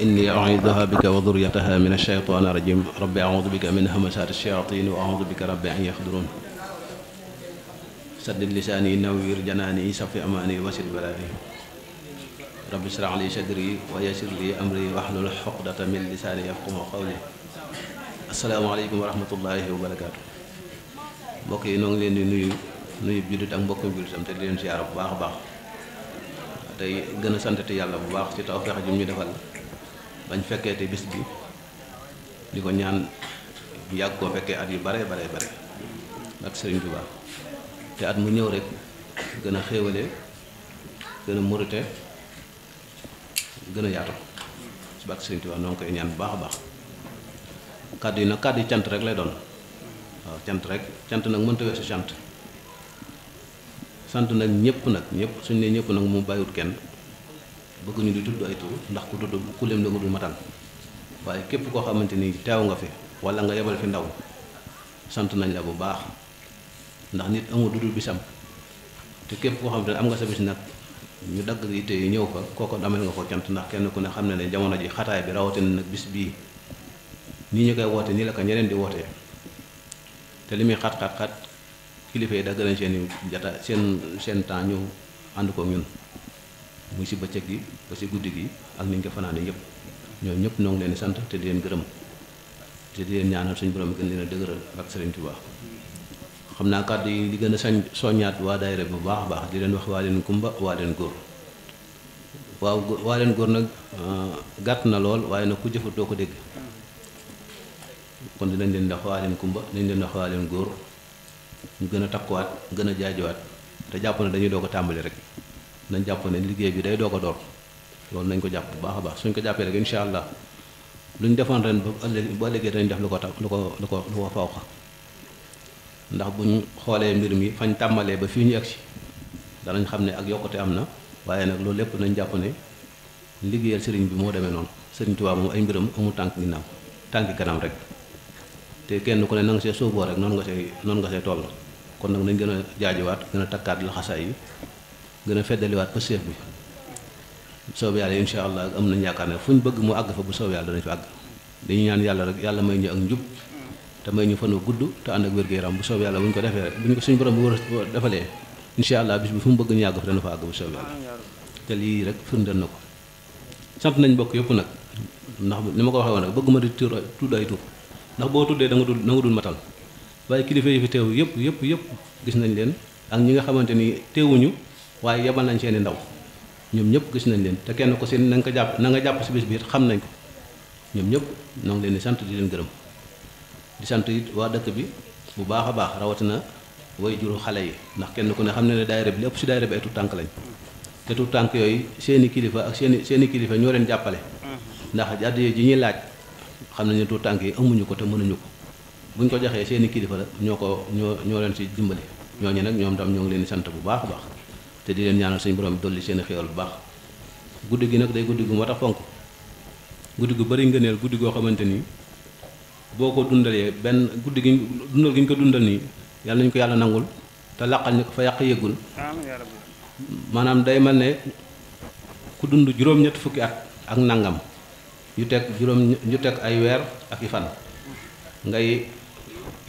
إني أعيذها بك وذريتها من الشيطان الرجيم رب أعوذ بك من همسات الشياطين وأعوذ بك رب أن يحضرون سدد لساني نوير جناني صفي أماني وسد بلادي رب اشرع لي صدري ويسر لي أمري واحلل عقدة من لساني يفقه قولي السلام عليكم ورحمة الله وبركاته بوكي نون noo ngi نوي di nuyu nuyu jullit ak mbokkum jullit tam te di باخ siyaara bu baax a baax tey gën a santati yàlla bu baax bañ fekkeete bis bi di ko ñaan yag ko fekke at yu bare bare bare nak serigne touba te at mu ñew rek gëna xéewale gën a murite gën a yaatu si bàkk sëriñ Tuubaa noo koy ñaan baax baax kaddu na kaddu kàddu cant rek lay doon waaw cant rek cant nag mënta weesu cant sant nak ñepp nak ñepp suñu ñepp nak mu bayut kenn bëgguñu di tudd ay tur ndax ku tudd ku lim da nga matal waaye képp koo xamante ni teew nga fi wala nga yebal fi ndaw sant nañ la bu baax ndax nit amul dudul bisam te képp koo xamante ne am nga sa bis nag ñu dagg yitte yi ñëw fa kooko amel nga ko cant ndax kenn ku ne xam ne ne jamono ji xataay bi rawatin nag bis bii nii ñu koy woote nii la ko ñeneen di wootee te li muy xat-xat-xat kilifa yi dagg nañ seen i jata seen seen temps ñu ànd ko ñu muy si bëccëg gi ba si guddi gi ak niñ ko fanaane yëpp ñoom ñëpp ñoo ngi leen di sant te di leen gërëm te di leen ñaanal suñu borom gën leen a dëgëral ak Sëriñ Tuubaa xam naa kàddu yi di gën a sañ soññaat waa daayira bu baax a baax di leen wax waa leen kumba waa leen waaw waa leen nag ah, gàtt na lool waaye nag ku jëfut ko dégg kon dinañ leen wax waa leen kumba dinañ leen wax leen góor ñu gën a takkuwaat gën a jaajuwaat te jàpp na dañuy doo ko tàmbali rek nañ jàpp ne liggéey bi day doog ko door loolu nañ ko jàpp bu baax a baax suñ ko jàppee rek incha allah lu ñu defoon ren ba ëllëg ba ëllëgee dañ def lu ko tax lu ko lu ko lu ko faw ndax bu ñu xoolee mbir mi fañ tàmbalee ba fi ñu egg si danañ xam ne ak yokkute am na waaye nag loolu lépp nañ jàpp ne liggéeyal sëriñ bi moo demee noonu sëriñ Tuubaa moom ay mbiram mu tànk ginnaaw tànki kanam rek te kenn ko ne na see sóoboo rek noonu nga see noonu nga see toll kon nag nañ gën a jaajiwaat gën takkaat laxasaay yi gën a feddaliwaat ko seef bi bu soobee yàlla incha allah am nañ yaakaar ne fu ñu bëgg mu àgg fa bu soobee yàlla danañ fa àgg dañu ñaan yàlla rek yàlla may ñu ak njub te may ñu fan wu gudd te ànd ak wér-gu-yaram bu soobee yàlla bu ñu ko defee bu ñu ko suñu borom bu war defalee incha allah bis bi fu mu bëgg ñu àgg fa dana fa àgg bu soobee yàlla te lii rek firndeel na ko sant nañ bokk yëpp nag ndax ni ma ko waxee woon rek ma di tudd ay tur ndax boo tuddee da nga dul da nga dul matal kilifa yi fi teew yëpp yëpp yëpp gis nañ leen ak ñi nga xamante ni teewuñu waaye yebal nañ seeni ndaw ñoom ñëpp gis nañ leen te kenn ko seen na ko jàpp na nga jàpp si bis biir xam nañ ko ñoom ñëpp ñoo ngi leen sant di leen gërëm di sant it waa dëkk bi bu baax a baax rawatina way juru xale yi ndax kenn ku ne xam ne ne daayira lépp si daayira bi ay tànk lañ te tànk yooyu seeni kilifa ak seeni seeni kilifa ñoo leen jàppale mm-hmm. ndax addiya ji ñuy laaj xam nañ ne tànk yi amuñu ko mënuñu ko buñ ko joxee seeni kilifa la ñoo ko ñoo ñoo leen si dimbali ñooñu nag ñoom doom ñoo ngi leen sant bu baax a baax te di leen ñaanal suñu borom dolli seen xéewal bu baax guddi gi nag day guddi gu mat a fonk guddi gu bari ngëneel guddi goo xamante ni boo ko dundalee benn guddi gi dundal gi ñu ko dundal nii yàlla nañ ko yàlla nangul te laqal ñu ko fa yàq yëggul ya maanaam day mel ne ku dund juróom-ñett fukki at ak nangam yu teg juróom ñu teg ay weer ak i fan ngay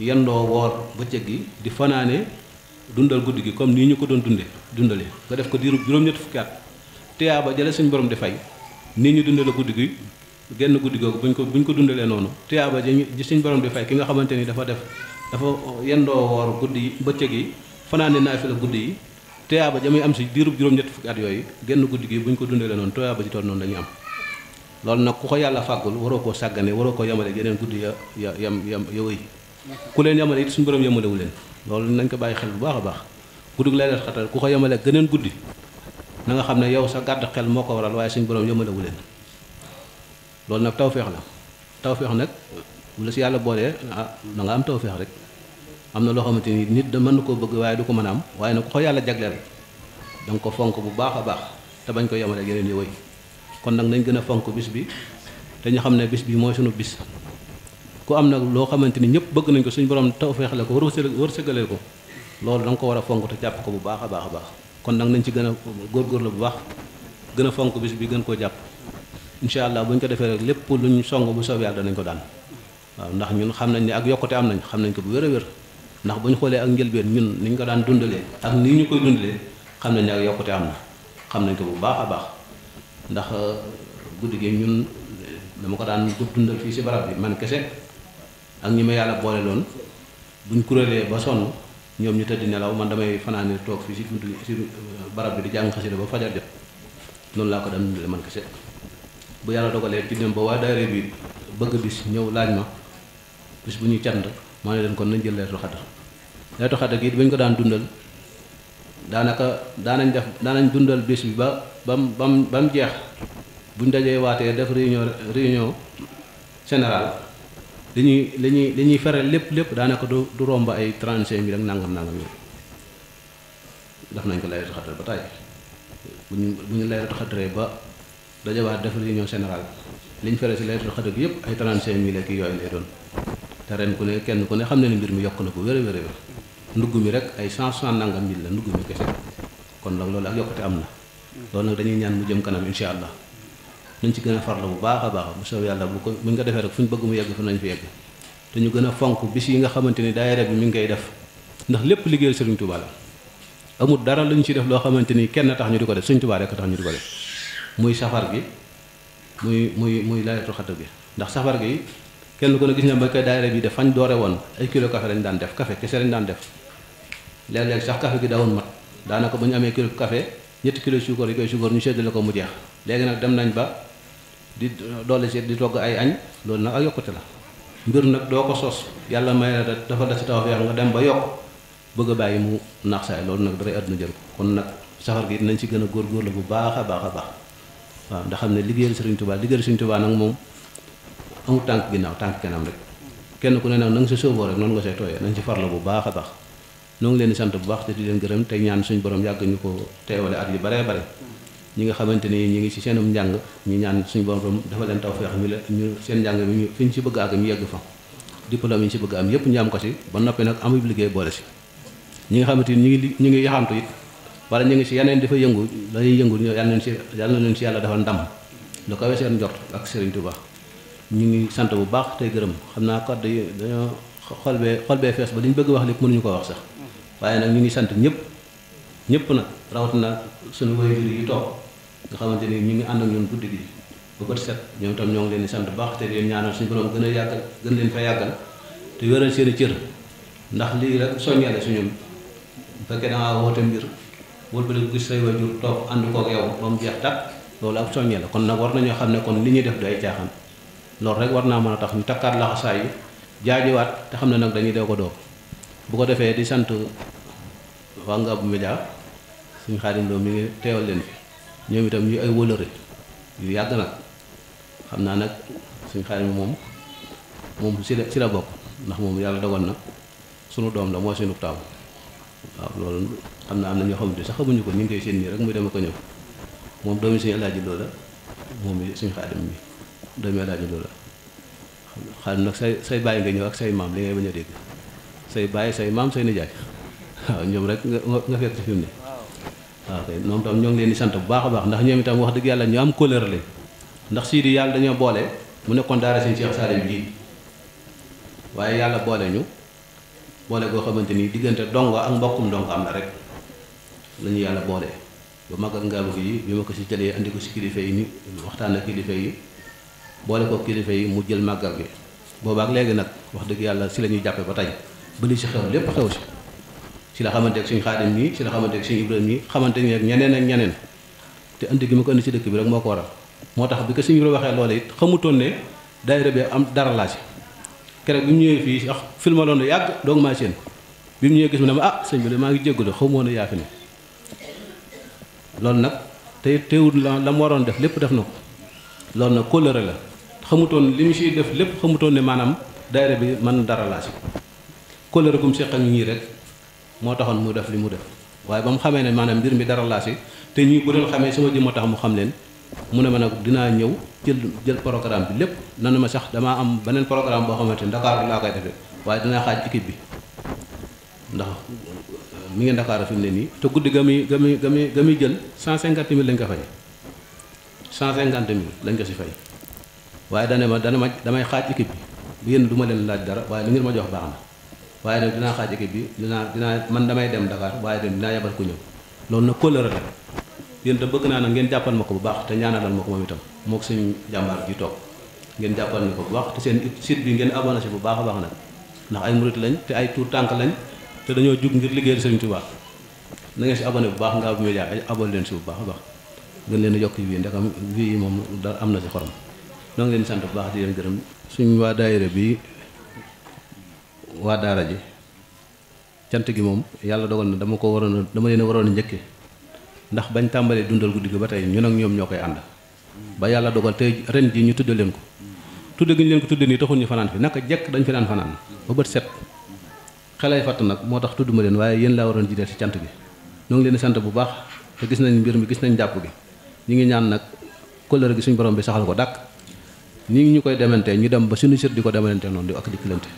yendoo woor bëccëg gi di fanaane dundal guddi gi comme nii ñu ko doon dundee dundalee nga def ko diiru juróom-ñetti fukki at tiyaaba jële suñu borom di fay nii ñu dundale guddi gi genn guddi googu buñ ko buñ ko dundalee noonu tiyaaba ji suñu borom di fay ki nga xamante ni dafa def dafa yendoo woor guddi yi bëccëg yi fanaane naafila guddi yi tiyaaba ja muy am si diirub juróom-ñetti fukki at yooyu genn guddi gi buñ ko dundalee noonu tiyaaba ji toll noonu dañuy am loolu nag ku ko yàlla fàggul waroo koo sàggane waroo koo yamale yeneen guddi ya ya yam yam ya wéy ku leen yamale it suñu borom yamalewu leen loolu nañ ko bàyyi xel bu baax a baax guddug laylatul xadar ku ko yemale gëneen guddi na nga xam ne yow sa gàdd xel moo ko waral waaye suñ borom yemale wu leen loolu nag tawféex la tawféex nag bu la si yàlla boolee ah na nga am tawféex rek am na loo xamante ni nit da mën na koo bëgg waaye du ko mën a am waaye nag ku ko yàlla jagleel da nga ko fonk bu baax a baax te bañ ko yemale yeneen yi kon nag nañ gën a fonk bis bi te ñu xam ne bis bi mooy sunu bis ku am na loo xamante ni ñëpp bëgg nañ ko suñu borom tawfeex la ko wërsëgalee ko loolu da nga ko war a fonk te jàpp ko bu baax a baax a baax kon nag nañ ci gën a góorgóorlu bu baax gën a fonk bis bi gën koo jàpp incha allah bu ñu ko defee rek lépp lu ñu song bu soobee yàlla danañ ko daan waaw ndax ñun xam nañ ne ak yokkute am nañ xam nañ ko bu wér a wér ndax bu ñu xoolee ak njëlbeen ñun ni ko daan dundalee ak nii ñu koy dundalee xam nañ ne ak yokkute am na xam nañ ko bu baax a baax ndax guddi gi ñun dama ko daan dundal fii si barab bi man kese ak ñima yalla yàlla boole loon buñ kurélee ba sonu ñom ñu tedd nelaw man damay fanane tok fi ci buntu ci barab bi di jang xasida ba fajar jot non la ko man kese bu yalla dogalee ci dem ba wa daare bi bëgg bis ñew laaj ma bis buñu tiand ma maa ne leen kon nañ jël lettre xata lettre xata gi buñ ko daan dundal danaka danañ def danañ dundal bis bi ba bam bam bam jeex buñ dajé waté def réunion réunion générale li ñuy li ñuy li fere lépp lépp daanaka du du romba ay 35 mille ak nangam nangam yi daf nañ ko lay taxat ba tay bu ñu lay taxat lay xataree ba dajawaat def réunion général liñ fere ci lay taxat xatal yépp ay 35 mille ak yoy lay doon te ren ku ne kenn ku ne xam na ne mbir mi yokk na ko wéré wéré wéré ndugg mi rek ay 160 nangam mille la ndugg mi kese kon nak loolu ak yokkute am na loolu nak dañuy ñaan mu jëm kanam inshallah dañ ci gën a farlu bu baax a baax bu saw yàlla bu ko buñ nga defee rek fuñ bëgg mu yegg fa nañ fi yegg te ñu gën a fonk bis yi nga xamante ni daayira bi mi ngi koy def ndax lépp liggéeyal sëriñ tuba la amul dara luñ ci def loo xamante ni kenn tax ñu di ko def sëriñ tuba rek tax ñu di ko def muy safar gi muy muy muy layatul xatab gi ndax safar gi kenn ko na gis na ba koy daayira bi def fañ doore woon ay kilo café lañ daan def café kese lañ daan def léeg-léeg sax café gi daawoon mat daanaka bu ñu amee kilo café ñetti kilo sucre yi koy suukar ñu la ko mu jeex léegi nag dem nañ ba di doole ci di togg ay añ loolu nag ak yokkute la mbir nag doo ko sos yàlla may la dafa da ci taw yaa nga dem ba yokk bëgg a bàyyi mu naax saay loolu nag dara àdduna jël ko kon nag safar gi nañ ci gën a la bu baax a baax a baax waaw ndax xam ne liggéeyal sëriñ tubaa liggéeyal sëriñ tubaa nag moom amu tànk ginnaaw tànk kenam rek kenn ku ne nag na nga sa rek noonu nga say tooyee nañ ci farla bu baax a baax noo leen di sant bu baax te di leen gërëm te ñaan suñ borom yàgg ñu ko teewale at yu bare bare ñi nga xamante ni ñu ngi ci seenum njàng ñu ñaan suñu borom dafa leen tawfeex ñu leen ñu seen njàng mi fi ñu ci bëgg ak ñu yegg fa diplôme yi ñu ci bëgg am yépp ñu am ko ci ba noppi nag amub liggéey boole ci ñi nga xamante ni ñu ngi ñu ngi yaxantu it wala ñu ngi si yeneen dafa yëngu lañuy yëngu yàlla nañ ci yàlla nañ ci yàlla dafa ndam lu kawe seen njort ak Serigne Touba ñu ngi sant bu baax tey gërëm xam naa kàddu yi dañoo xol bee xol bee fees ba li ñu bëgg wax lépp mënuñu ko wax sax waaye nag ñu ngi sant ñëpp ñëpp nag rawat na suñu way yu yu toog nga xamante ni ñu ngi ànd ak ñun guddi gi ba bët set ñoom tam ñoo ngi leen di sant baax te leen ñaanal suñu borom gën a yàggal gën leen fa yàggal te wéral seen cër ndax lii rek la suñu fekkee da ngaa woote mbir wëlbale ko gis say wajur toog ànd koog yow ba mu jeex tàkk loolu ak la kon nag war nañoo xam ne kon li ñuy def day caaxaan loolu rek war naa mën a tax ñu takkaat laxasaay yi jaajiwaat te xam ne nag dañuy doo ko doo bu ko defee di sant nga Ngabou Média suñ xaadim doom mi ngi teewal leen fi ñoom itam yu ay wëlëre yu yàgg nag xam naa nag suñu xaadim moom moom si la si la bokk ndax moom yàlla dogal na sunu doom la moo suñu taaw waaw loolu xam naa am na ñoo xamante sax xamuñu ko ñu ngi koy rek muy dema ko ñëw moom doomi suñu alaaji loola moom suñu xaadim bi doomi alaaji loola xaadim nag say say bàyyi nga ñëw ak say maam li ngay bañ a dégg say bàyyi say maam say nijaay waaw ñoom rek nga nga fekk fi mu ne waaw kay ñoom tam ñoo ngi leen di sant bu baax a baax ndax ñoom itam wax dëgg yàlla ñu am couleur lañ ndax sii di yàlla dañoo boole mu nekkoon daara seen Cheikh Salim gii waaye yàlla boole ñu boole goo xamante ni diggante dongo ak mbokkum dongo am na rek la ñu yàlla boole ba mag ak ngaabu yi bi ma ko si jëlee andi ko si kilifa yi ñu waxtaan ak kilifa yi boole ko kilifa yi mu jël màggal gi boobaak léegi nag wax dëgg yàlla si la ñuy jàppe ba tey ba li si xew lépp xew si ci la xamante ak suñ xaadim mii ci la xamante ak suñ ibrahim mii xamante ni ak ñeneen ak ñeneen te indi gi ma ko indi ci dëkk bi rek moo ko waral moo tax bi ko si suñ ibrahim waxee loola it xamutoon ne daayira bi am dara laa ci bi mu ñëwee fii wax filmaloon na yàgg doog maa seen bi mu ñëwee ma ah sëñ maa ngi jéggalu xaw ma woon loolu nag te teewul la la mu waroon def lépp def na ko loolu nag kóllëre la xamutoon li mu si def lépp xamutoon ne maanaam daayira bi man dara laa si kóllëre gum seq ak ñii rek moo taxoon mu def li mu def waaye ba mu xamee ne maanaam mbir mi dara laa si te ñuy bu doon xamee sama jëmm a tax mu xam leen mu ne ma nag dinaa ñëw jël jël programme bi lépp nanu ma sax damaa am beneen programme boo xamante ni Dakar bi laa koy defee waaye dinaa xaaj équipe bi ndax mi ngi Dakar fim ne nii te guddi ga muy ga muy ga muy ga muy jël cent cinquante mille lañ ko fay cent cinquante mille lañ ko si fay waaye dane ma dana ma damay xaaj équipe bi bu yéen du ma leen laaj dara waaye li ngeen ma jox baax waaye nag dinaa xaaj équipe bi dinaa dinaa man damay dem Dakar waaye dem dinaa yabal ku ñëw loolu na kóllëre la yéen te bëgg naa nag ngeen jàppal ma ko bu baax te ñaanalal ma ko moom itam mook suñu jàmbaar ji toog ngeen jàppal ma ko bu baax te seen site bi ngeen abonné si bu baax a baax nag ndax ay murit lañ te ay tuur tànk lañ te dañoo jug ngir liggéeyal Sëriñ Tuubaa na ngeen si abonné bu baax ngaa Ngabou Média abonné leen si bu baax a baax gën leen a yokk yi ndekam vi yi moom dara am na si xorom donc leen sant bu baax di leen gërëm waa daara ji cant gi moom yàlla dogal na dama ko waroon a dama leen waroon a ndax bañ tàmbalee dundal guddi gi ba tey ñun ak ñoom ñoo koy ànd ba yàlla dogal te ren ji ñu tudde leen ko tudde gi ñu leen ko ñu fanaan fi naka jekk dañ fi naan fanaan ba bët set xelay fàtt nag moo tax tudduma leen waaye yéen laa waroon jiiteel ci cant gi ñoo ngi leen sant bu baax te gis nañ mbir mi gis nañ jàpp gi ñu ngi ñaan nag kóllëre gi suñu borom bi saxal ko dàkk ñi ñu koy dementee ñu dem ba suñu sët di ko dementee noonu di ak dikkalante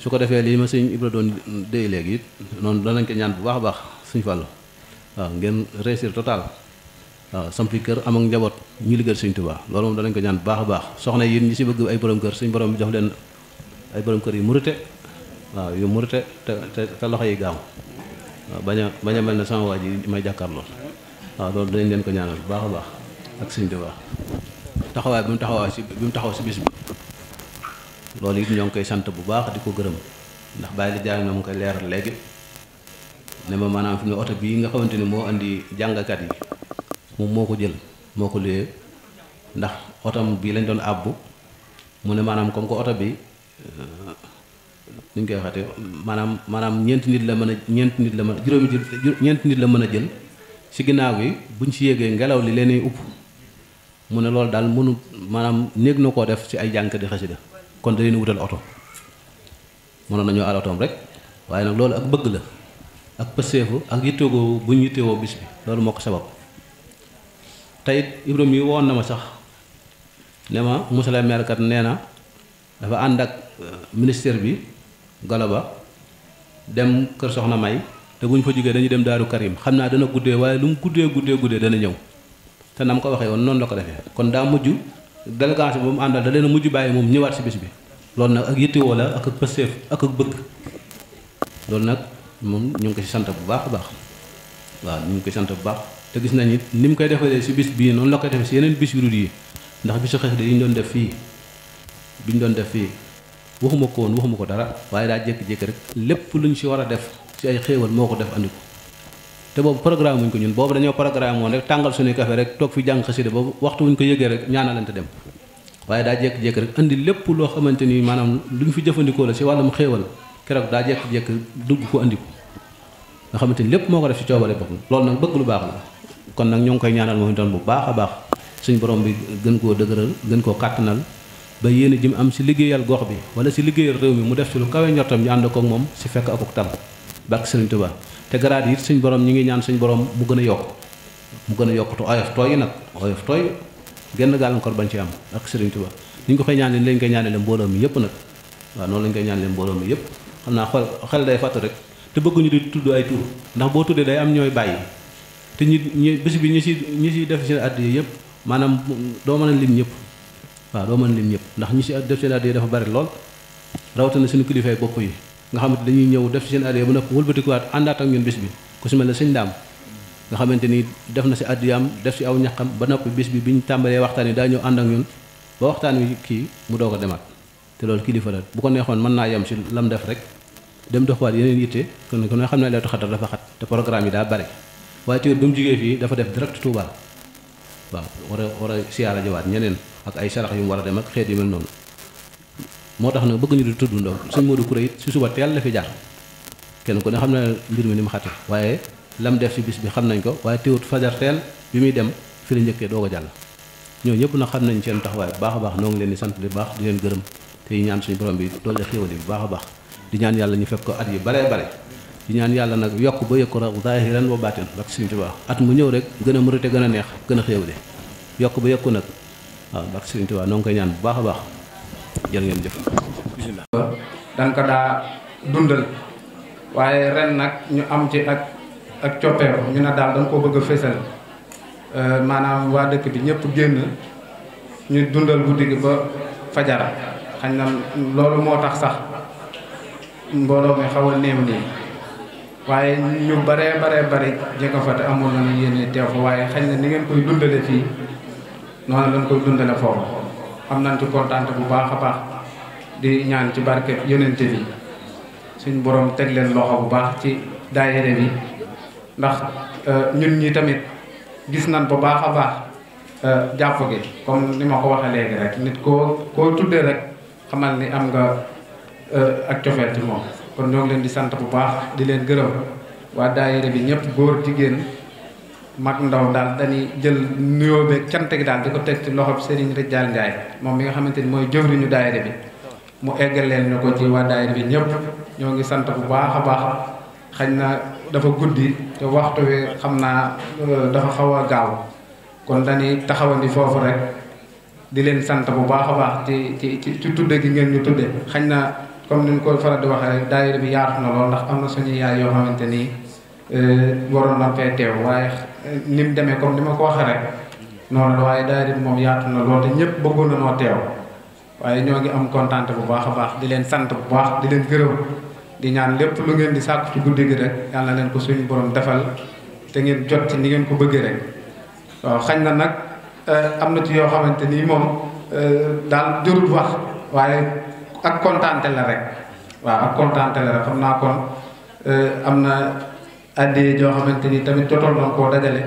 su ko defee lii ma sëñ Ibra doon déy léegi it noonu danañ ko ñaan bu baax a baax suñ fàllu waaw ngeen réussir total waaw sampi kër am ak njaboot ñu liggéeyal suñ tubaa loolu moom danañ ko ñaan bu baax a baax soxna yi ñi si bëgg ay borom kër suñ borom jox leen ay borom kër yu murite waaw yu murite te te te loxo yi gaaw waaw bañ a bañ a mel ne sama waa ji may jàkkaar lool waaw loolu dañ leen ko ñaanal bu baax a baax ak suñ tubaa taxawaay bi mu taxawaay si bi mu taxaw si bis bi loolu it ñoo ngi koy sant bu baax di ko gërëm ndax bàyyi la jaay na mu koy leeral léegi ne ma maanaam fi mu oto bii nga xamante ni moo indi jàngkat yi moom moo ko jël moo ko luyee ndax otom bii lañ doon àbbu mu ne maanaam comme ko oto bi nuñ koy waxatee maanaam maanaam ñeenti nit la mën a ñeenti nit la mën a juróomi ñeenti nit la mën a jël si ginnaaw bi buñ si yéegee ngelaw li leen upp mu ne loolu daal mënu maanaam néeg na koo def ci ay jàngkat yi kon dañu wutal auto mënoon nañu aar otoom rek waye nak loolu ak bëgg la ak pëseefu ak yitteegoo bu ñu yitteewoo bis bi loolu moko sabab tey ibrahim yi woon na ma sax ne ma monsieur kat neena dafa andak euh, bi Galaba dem kër Soxna May te bu fa jógee dañu dem daru Karim xamna dana guddé waye lu mu guddé guddé guddé dana ñew te na ko waxé woon la ko kon da délégation bu mu àndal da leen a mujj bàyyi moom ñëwaat si bis bi loolu nag ak yittewoo la ak ak pësteef ak ak bëgg loolu nag moom ñu ngi ko si sant bu baax a baax waaw ñu ngi ko sant bu baax te gis nañ nit ni mu koy defee si bis bii noonu la koy defee si yeneen bis yu dul yi ndax bisu xeex yi ñu doon def fii bi ñu doon def fii waxuma ko woon waxuma ko dara waaye daa jékki-jékki rek lépp lu ñu si war a def ci ay xéewal moo ko def andi ko te boobu programme wuñ ko ñun boobu dañoo programme woon rek tàngal suñu café rek toog fi jàng xasida boobu waxtu wuñ ko yëgee rek ñaanalante dem waaye daa jékki-jékki rek andi lépp loo xamante ni maanaam luñ fi jëfandikoo la si wàllum xéewal keroog daa jékki-jékki dugg ko andi ko nga xamante ni lépp moo ko def si coobare boppam loolu nag bëgg lu baax la kon nag ñoo ngi koy ñaanal moom doon bu baax a baax suñ borom bi gën koo dëgëral gën koo kàttanal ba yéen a jëm am si liggéeyal gox bi wala si liggéeyal réew mi mu def si lu kawe njortam ñu ànd koog moom si fekk akuk tal bàkk Sëriñ Tuubaa te garaat yi suñ borom ñi ngi ñaan suñ borom mu gën a yokk mu gën a yokk te oyof tooy nag oyof tooy genn gàllankoor bañ ci am ak Serigne Touba ni ñu ko koy ñaan lañ ñaan ñaanale mbooloo mi yëpp nag waaw noonu lañ koy ñaanale mbooloo mi yëpp xam naa xol xel day fàttu rek te bëgguñu di tudd ay tur ndax boo tuddee day am ñooy bàyyi te ñi ñi bisi bi ñi si ñi si def seen addi yëpp maanaam doo mën a lim ñëpp waaw doo mën a lim ñëpp ndax ñi si def seen addi dafa bari lool rawatina suñu kilifay bopp yi nga xamanteni dañuy ñëw def seen adiya bu nopp wëlbatikuwaat andat ak ñun bis bi ku si melni señ sëñ daam nga xamanteni def na si adiyaam def si aw ñaqam ba noppi bis bi biñ tàmbalee waxtaan yi daa ñëw ànd ak ñun ba waxtaan wi kii mu doog a demaat te loolu kilifa la bu ko neexoon mën naa yem si lam def rek dem doxwaat yeneen yitte ko ne xam naa leetu xatar dafa xat te programme yi daa bari waaye teewul ba mu jógee fii dafa def direct Touba waaw war a war a siyaara jiwaat ñeneen ak ay sarax yu mu war a dem ak xeet yu mel noonu moo tax na bëgg ñu di tudd ndaw suñ Modou Kouré it si suba teel la fi jaar kenn ku ne xam na mbir mi ni ma xate waaye lam def si bis bi xam nañ ko waaye teewut fajar teel bi muy dem fi la njëkkee doo ko jàll ñoo ñëpp nag xam nañ seen taxawaay bu baax a baax noo ngi leen di sant di baax di leen gërëm te ñaan suñu borom bi doole xéewal yi bu baax a baax di ñaan yàlla ñu fekk ko at yi baree bare di ñaan yàlla nag yokk ba yokk raw zaahiran wa baatin rak suñu Tuubaa at mu ñëw rek gën a murite gën a neex gën a xéewale yokk ba yokku nag waaw rak suñu Tuubaa noo ngi koy ñaan bu baax a jërë ngeen jëf daa dundal waaye ren nag ñu am ci ak ak coppeeku ñu ne daal dañ koo bëgg a fésal euh, maanaam waa dëkk bi ñëpp génn ñu dundal guddi gi ba fajara xañ na loolu moo tax sax mbooloo mi xaw a néew nii waaye ñu bare baree bari jëkka fa te amul na ñu yéene teew fa waaye xañ na ni ngeen koy dundale fii noonu lañ koy dundale foofu am na ci kontaante bu baax a baax di ñaan ci barke yonente bi suñ boroom teg leen loxo bu baax ci daayere bi ndax euh, ñun ñi tamit gis nañ bu baax a baax euh, jàpp gi comme ni ma ko waxee léegi rek nit koo koo tuddee rek xamal ni am nga euh, ak cofeel ci moom kon ñoo leen di sant bu baax di leen gërëm waa daayere bi ñëpp góor jigéen mag ndaw daal dañuy jël nuyoo beeg cant gi daal di ko teg ci loxob Serigne Rijaal Ndiaye moom mi nga xamante ni mooy jëwriñu daayira bi mu eggal leen ñu ko ci waa bi ñëpp ñoo ngi sant bu baax a baax xañ na dafa guddi te waxtu wi xam naa euh, dafa xaw a gaaw kon dañuy taxawandi foofu rek di leen sant bu baax a baax ci ci ci tudde gi ngeen ñu tudde xañ na comme ni ñu ko faral di waxee rek daayira bi yaax na lool ndax am na suñu yaay yoo xamante nii euh, waroon na fee teew waaye ni mu demee comme ni ma ko waxee rek noonu la waaye daayira bi moom yaatu na lool te ñëpp bëggoon na noo teew waaye ñoo ngi am kontaan bu baax a baax di leen sant bu baax di leen gërëm di ñaan lépp lu ngeen di sàkku ci guddi gi rek yàlla na leen ko suñu borom defal te ngeen jot ci ni ngeen ko bëggee rek waaw xañ na nag euh, am na ci yoo xamante ni moom euh, daal jërul wax waaye ak kontaante la rek waaw ak kontaante la rek xam naa kon euh, am na. addee joo xamante ni tamit jotoon na koo dajale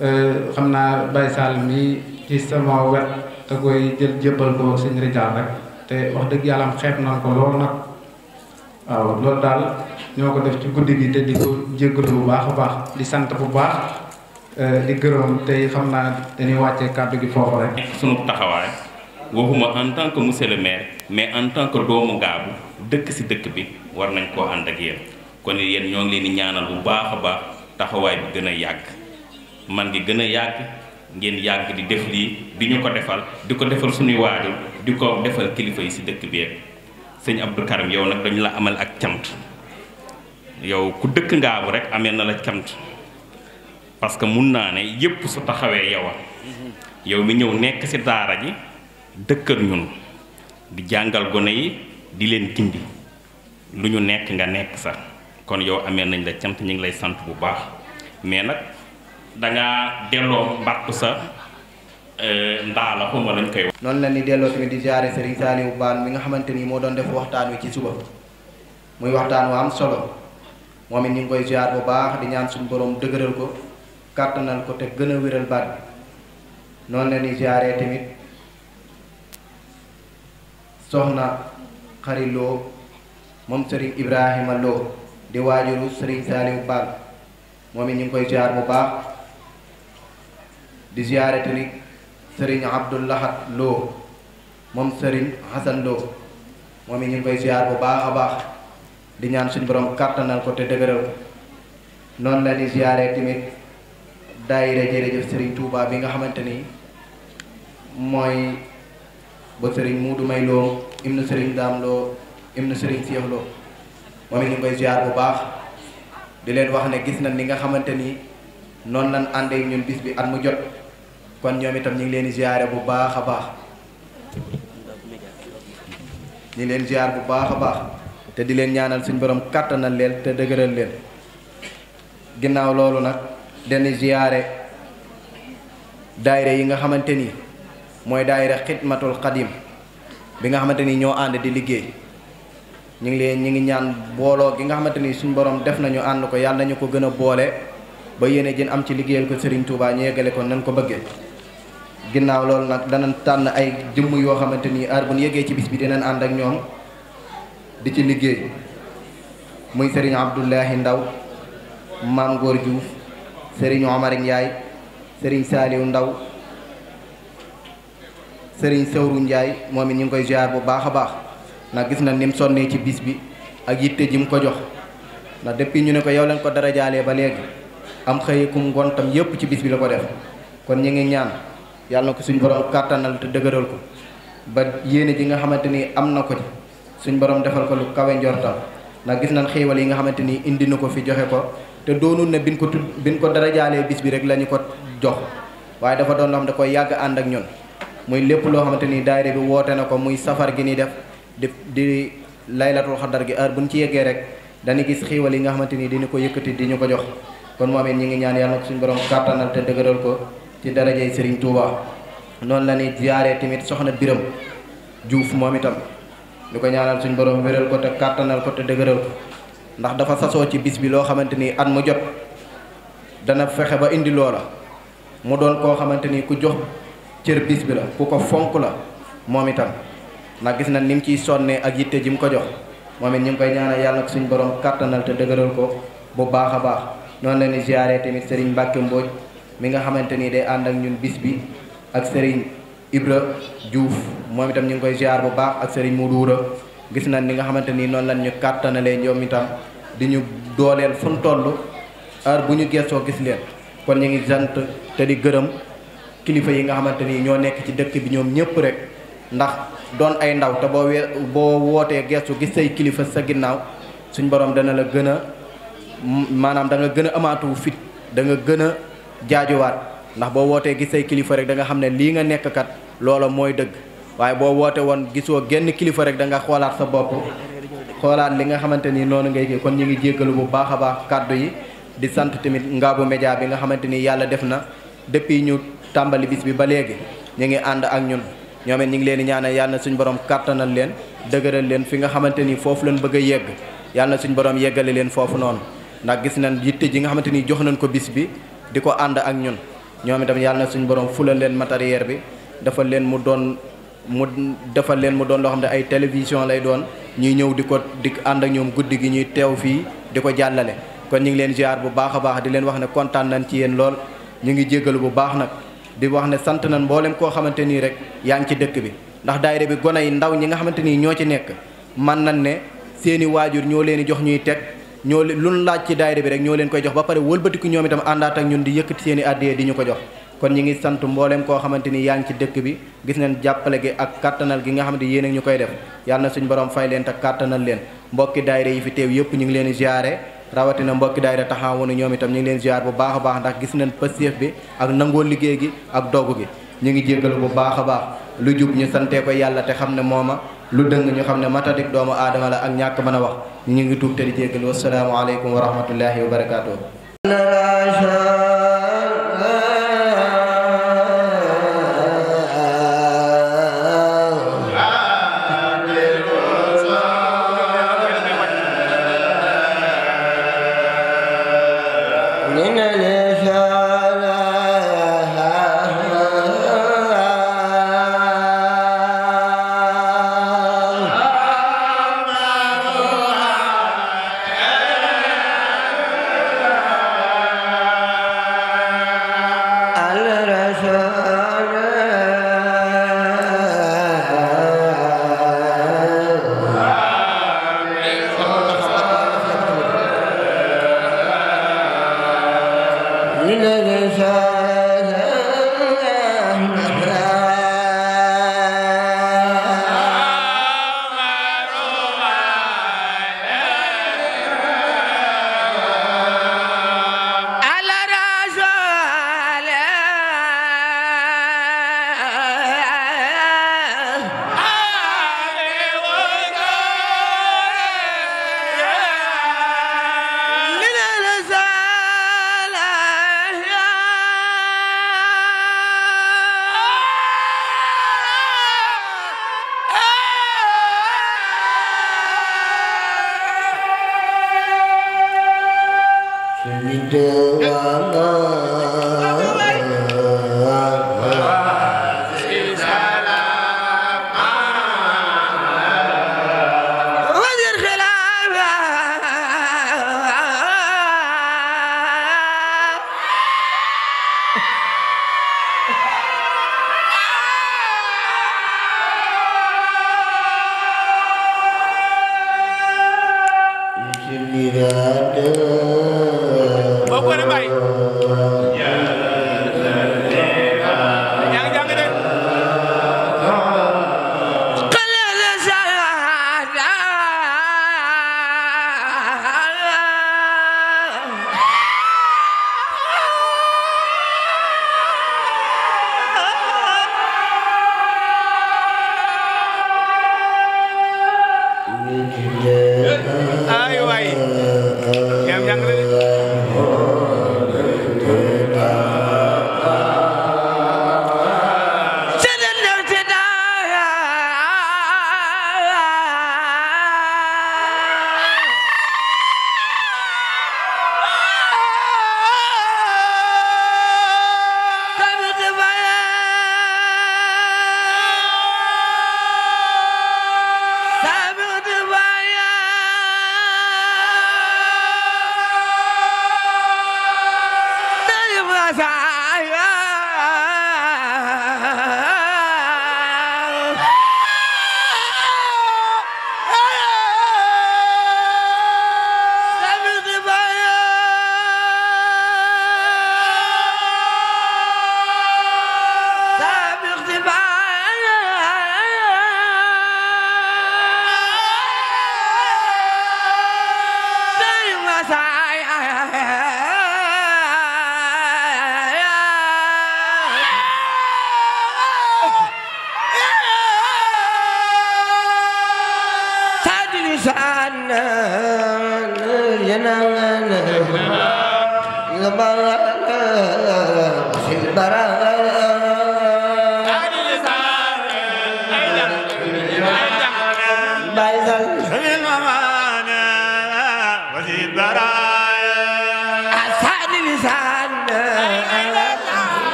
euh, xam naa Baye mi ci sama wet te koy jël jébbal ko sëñ Rijaal rek te wax dëgg yàlla am xeeb nañ ko loolu nag waaw loolu daal ñoo ko def ci guddi gi te di ko bu baax a baax di sant bu baax euh, di gërëm tey xam naa dañuy wàccee kàddu gi foofu rek. sunu taxawaay waxuma en tant que monsieur le maire mais en tant que doomu Ngaabu dëkk si dëkk bi war nañ koo ànd ak yéen. kon yeen ñoo ngi leen ñaanal bu baaxa baax taxaway bi gëna yag man gi gëna yag ngeen yag di def li biñu ko defal diko defal suñu waajur diko defal kilifa yi si dëkk bi señ Abdou Karim yow nak dañ la amal ak cant yow ku dëkk ngaabu rek amé na la cant parce que mën na ne yépp su taxawé yow yow mi ñew nekk ci daara ji dëkkal ñun di jangal gone yi di leen gindi luñu nek nekk nga nekk sax kon yow amee nañ la cant ñu ngi lay sant bu baax mais nag dangaa delloo mbàttu sa euh, ndaa la xuma lañ koy wax. noonu la ni delloo tamit di ziare Serigne bu Bane mi nga xamante ni moo doon def waxtaan wi ci suba muy waxtaan wu am solo moom it ñu ngi koy jaar bu baax di ñaan suñu borom dëgëral ko kàttanal ko te gën a wéral baat bi noonu la ni ziare tamit soxna xari loo moom Serigne Ibrahima Lo di waajuru sëriñ Saaliw Baal moom it ñu ngi koy ziar bu baax di ziare tamit sëriñ Abdul Lahat Lo moom sëriñ Hasan Lo moom it ñu ngi koy ziar bu baax a baax di ñaan suñu borom kàttanal ko te dëgëral ko noonu la di ziare tamit daayira jërëjëf sëriñ Touba bi nga xamante ni mooy ba sëriñ Muudu May Lo im na sëriñ Daam Lo im na sëriñ Seex Lo moom it ñu ngi koy ziar bu baax di leen wax ne gis nañ ni nga xamante ni noonu lañ àndee ñun bis bi at mu jot kon ñoom itam ñu ngi leen ziare bu baax a baax ñu leen ziar bu baax a baax te di leen ñaanal suñ borom kàttanal leen te dëgëral leen ginnaaw loolu nag dañuy ziare daayira yi nga xamante ni mooy dayre xidmatul xadim bi nga xamante ni ñoo ànd di liggéey. ñu ngi leen ñu ngi ñaan booloo gi nga xamante ni suñu borom def nañu ànd ko yàlla nañu ko gën a boole ba yéene jën am ci liggéeyal ko Serigne Touba ñu yeggale ko nan ko bëggee ginnaaw loolu nag danañ tànn ay jëmm yoo xamante ni heure bu ñu yeggee ci bis bi dinañ ànd ak ñoom di ci liggéey muy Serigne Abdoulahi Ndaw Maam Góor Diouf Serigne Omar Ndiaye Serigne Saliou Ndaw Serigne Sewru Ndiaye moom it ñu ngi koy ziar bu baax a baax. ndax gis na nim mu sonnee ci bis bi ak yitte ji mu ko jox na depuis ñu ne ko yow lañ ko dara jaalee ba léegi am xëyikum ngontam yépp ci bis bi la ko def kon ñu ngi ñaan yàlla na ko suñ borom kàttanal te dëgëral ko ba yéene ji nga xamante ni am na ko ci suñ borom defal ko lu kawe njortam ndax gis na xéewal yi nga xamante ni indi na ko fi joxe ko te doonul ne biñ ko tud biñ ko dara jaalee bis bi rek lañu ko jox waaye dafa doon loo da koy yàgg ànd ak ñun muy lépp loo xamante ni daayira woote na ko muy safar gi ni def di di laylatul qadar gi heure buñ ci yeggee rek dañu gis xiiwal yi nga xamanteni ni ko yëkëti di ñu ko jox kon mo amene ñi ngi ñaan ko suñu borom katanal te degeerol ko ci darajey Serigne Touba non la ni ziaré timit soxna biram juuf moom itam ñu ñaanal suñu borom wërël ko te katanal ko te dëgëral ko ndax dafa saso ci bis bi lo xamanteni at mu jot dana fexé ba indi lola mu doon ko xamanteni ku jox cër bis bi la ku ko fonk la itam ndax gis na ni mu ciy sonnee ak yitte ji mu ko jox moom it ñu ngi koy ñaana yàlla ak suñu borom kàttanal te dëgëral ko bu baax a baax noonu la ne ziare tamit Serigne Mbacke Mbodj mi nga xamante ni day ànd ak ñun bis bi ak sëriñ Ibra Diouf moom itam ñu ngi koy ziar bu baax ak Serigne Moudoura gis nañ ni nga xamante ni noonu lañ ñu kàttanalee ñoom itam di ñu dooleel fu mu toll heure bu ñu gëstoo gis leen kon ñu ngi sant te di gërëm kilifa yi nga xamante ni ñoo nekk ci dëkk bi ñoom ñëpp rek. ndax doon ay ndaw te boo wee boo wootee gestu gis say kilifa sa ginnaaw suñ borom dana la gën a maanaam da nga gën a amaatu fit danga nga gën a jaajuwaat ndax boo wootee gis say kilifa rek da nga xam ne lii nga nekk kat loola mooy dëgg waaye boo woote woon gisoo genn kilifa rek danga xoolaat sa bopp xoolaat li nga xamante ni noonu ngay kii kon ñu ngi jéggalu bu baax a baax kàddu yi di sant tamit Ngabou Média bi nga xamante ni yàlla def na depuis ñu tàmbali bis bi ba léegi ñu ngi ànd ak ñun ñoom it ñu ngi leen di ñaanal yàlla na suñu borom kàttanal leen dëgëral leen fi nga xamante ni foofu lañ bëgg a yegg yàlla na suñu borom yeggale leen foofu noonu ndax gis na yitte ji nga xamante ni jox nañ ko bis bi di ko ànd ak ñun ñoom itam yàlla na suñu borom fulal leen matériel bi dafa leen mu doon mu defal leen mu doon loo xam ne ay télévision lay doon ñuy ñëw di ko di ànd ak ñoom guddi gi ñuy teew fii di ko jàllale kon ñu ngi leen gear bu baax a baax di leen wax ne kontaan nañ ci yéen ñu ngi jégalu bu baax nag di wax ne sant na mboolem koo xamante nii rek yaa ngi ci dëkk bi ndax daayira bi gone yi ndaw ñi nga xamante nii ñoo ci nekk man nañ ne seeni waajur ñoo leen di jox ñuy teg ñoo luñ laaj ci daayira bi rek ñoo leen koy jox ba pare wëlbatiku ñoom itam àndaat ak ñun di yëkkati seeni àddiyee di ñu ko jox kon ñi ngi sant mbooleem koo xamante ni yaa ngi ci dëkk bi gis nañ jàppale gi ak kàttanal gi nga xamante yéen a ñu koy def yàlla na suñ borom fay leen te kàttanal leen mbokki daayira yi fi yëpp ñu ngi leen di ziare rawatina mbokki daayira taxawunu ñoom itam ñu ngi leen ziar bu baax a baax ndax gis na pëstéef bi ak nangoo liggéey gi ak dogg gi ñu ngi jéggalu bu baax a baax lu jub ñu santee ko yàlla te xam ne mooma lu dëng ñu xam ne matadik doomu aadama la ak ñàkk mën a wax ñu ngi tuub te di jéggalu wasalaamu aleykum wa rahmatullahi wa barakaatu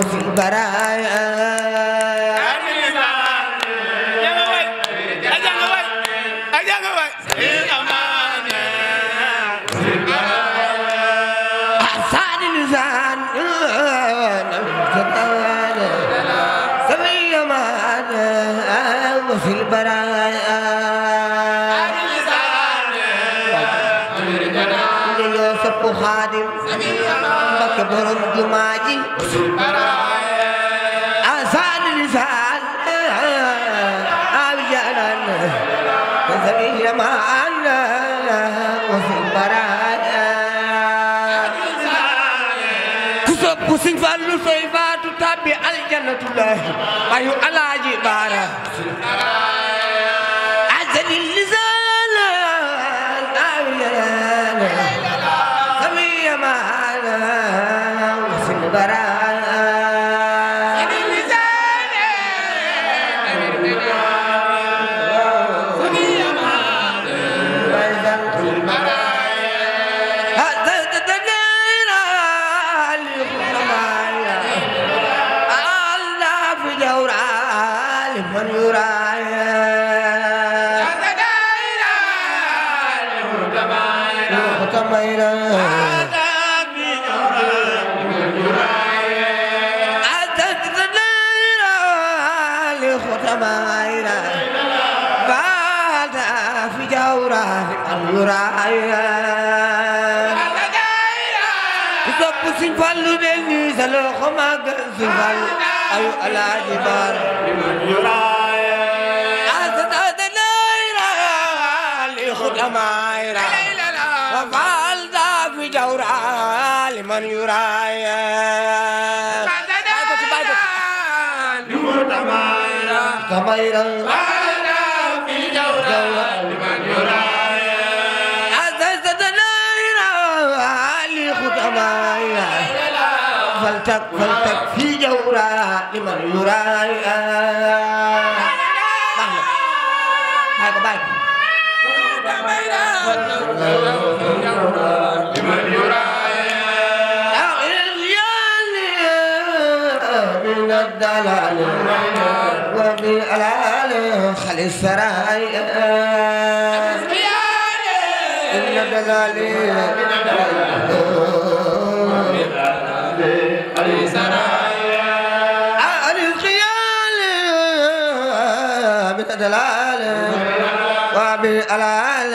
Barah jumaa ji asaan risaan awijanan zamaan wasin baraan ku sopp Sëñ Fallu say faatu tabbi aljannatu laahi ayu alaaji baara أيو العجبان لمن يراعي أسد أدنى يراعي خد وفعل في جورا لمن يراعي كما فلتك فلتك في جورا لمن يرى بايك بايك لمن يرى من الدلال وبالألال خلي السرايا إن الدلال من الدلال وبالألال خلي السرايا دلال وبالألال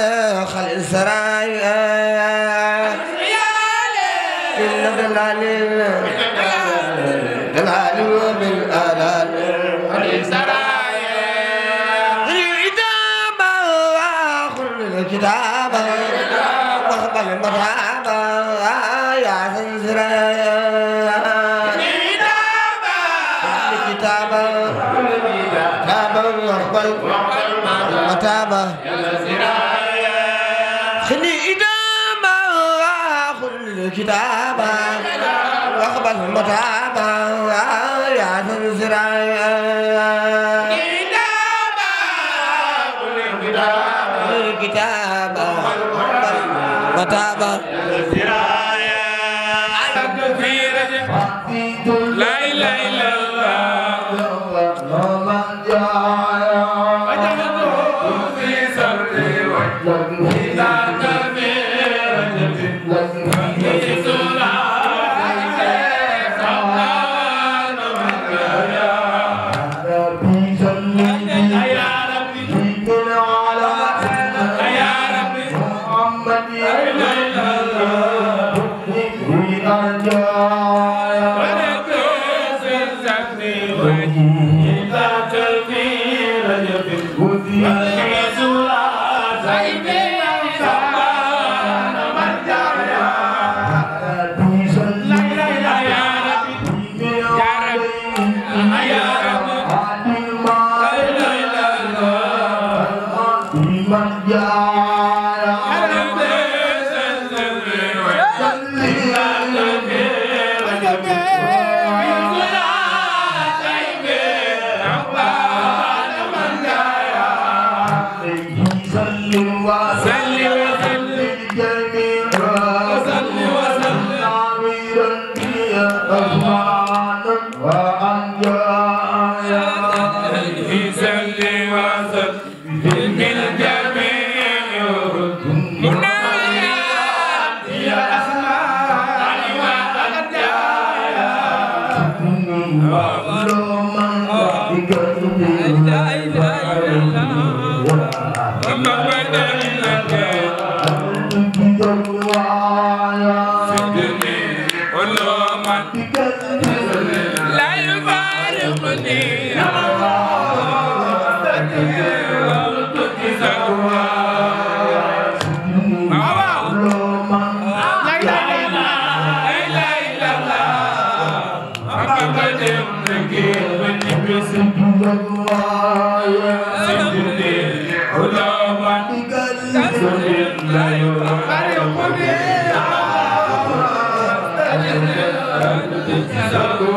خل السراي إلا دلال دلال وبالألال خل السراي الكتاب وخل الكتاب واقبل مرحبا يا سنسراي تابه خلي إذا ما أخل كتابه أقبل المتابة يا تنزرايا كتابا كتابا متابا Sadhu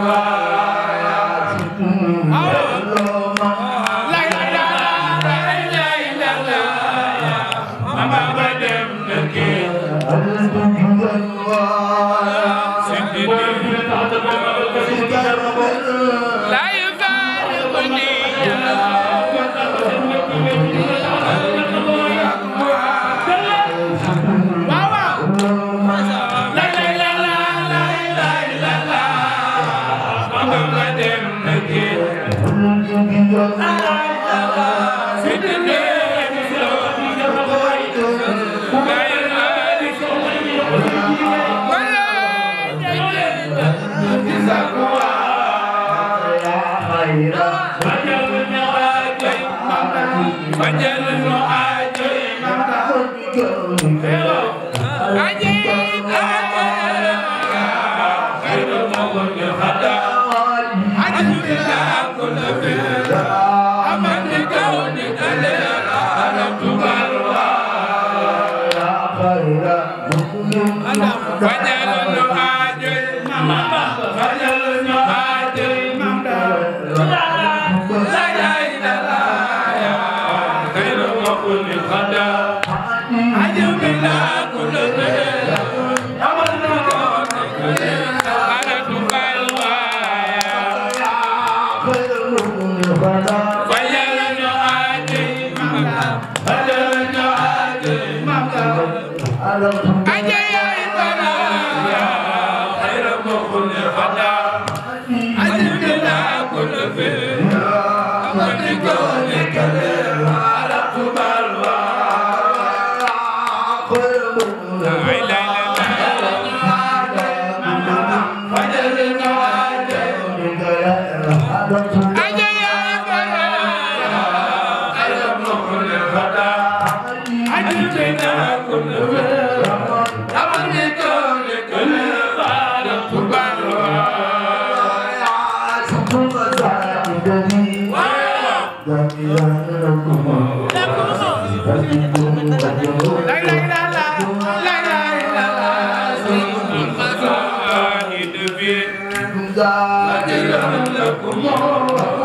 Come on.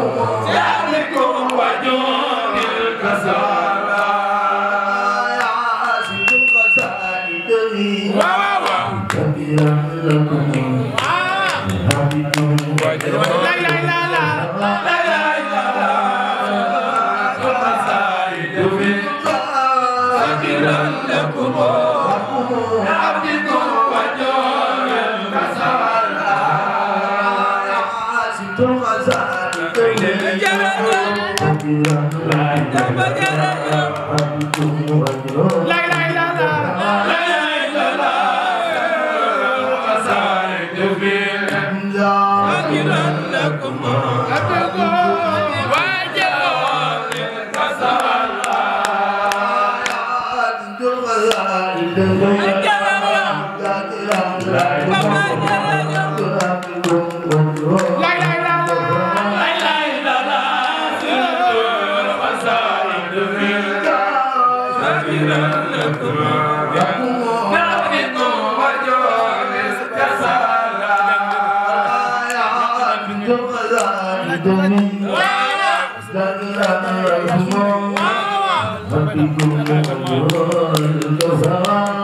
Thank you.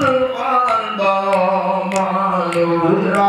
Quran ba malura.